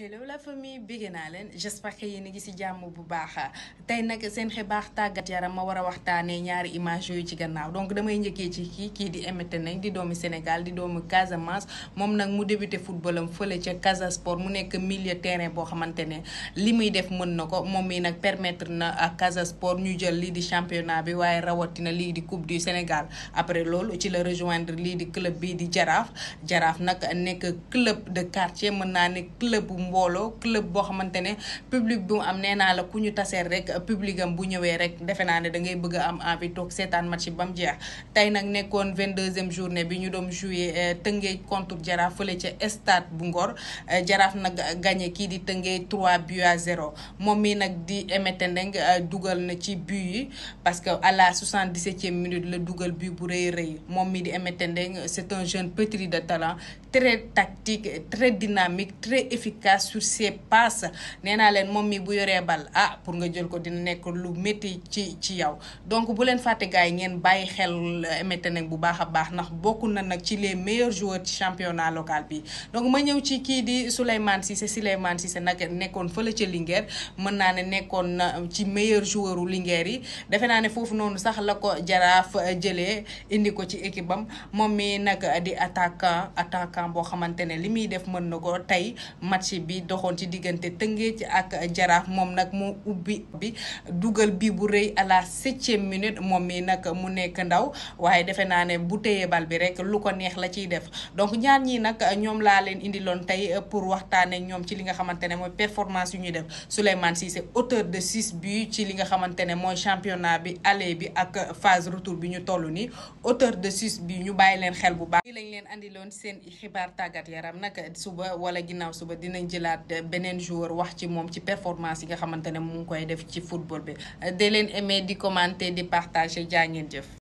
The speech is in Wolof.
hello la famille bëgg naa leen j'espère yéen a ngi ci jàmm bu baax tey nag seen xibaar tàggat yaram ma war a waxtaanee ñaari image yooyu ci gannaaw donc damay njëkkee ci kii kii di Emet Ndeye di doomi Sénégal di doomi Casamance moom nag mu débuté footballam fële ca Casa Sport mu nekk milieu terrain boo xamante ne li muy def mën na ko moom mii nag permettre na à Casa Sport ñu jël li di championnat bi waaye rawatina lii di coupe du Sénégal après loolu ci la rejoindre lii di club bii di Jaraaf Jaraaf nag nekk club de quartier mën naa ne club. mbooloo club boo xamante ne public bu mu am nee naa la ku ñu taseer rek public bu ñëwee rek defe naa ne da ngay bëgg am envie toog seetaan match ba mu jeex tey nag nekkoon vingt-deuxième journée bi ñu doon jouer euh, Tëngéej contre Jaraaf fële ca stade bu Ngor euh, Jaraaf nag gagné kii di Tëngéej 3 bu à 0 moom mii nag di Emeté Ndeng euh, dugal na ci but yi parce que à la soixante-dix-septième minute la dugal but bu rëy rëy moom mii di Emeté Ndeng c'est un jeune pétri de talent très visage sur ses passes nee naa leen moom mi bu yoree bal a ah, pour nga jël ko dina nekk lu métti ci ci yow donc bu leen fàtte gars yi ngeen bàyyi xel euh, Emetening bu baax a baax ndax bokk na nag ci les meilleurs joueurs ci championnat local bi donc ma ñëw ci kii di Souleymane Cissé si Cissé nag nekkoon fële ci Linguère mën naa ne nekkoon na ci meilleur joueur u Linguère yi defe naa ne foofu noonu sax la ko jaraaf euh, jëlee indi ko ci équipe moom mi nag di attaquant attaquant boo xamante ne li muy def mën na ko tey bi doxoon ci diggante Tëngéej ak Jaraaf moom nag moo ubbi bi dugal bi bu rëy à la septième minute moom mi nag mu nekk ndaw waaye defe naa ne bu téyee bal bi rek lu ko neex la ciy def donc ñaar ñii nag ñoom laa leen indiloon tey pour waxtaane ñoom ci li nga xamante ne mooy performance yu ñuy def Souleymane Cissé auteur de six bi ci li nga xamante ne mooy championnat bi aller bi ak phase retour bi ñu toll nii auteur de six bi ñu bàyyi leen xel bu baax. lañ leen andiloon seen xibaar tàggat yaram jëlaat beneen joueur wax ci moom ci performance yi nga xamante mu koy def ci football bi de leen aimer, di commenter di partager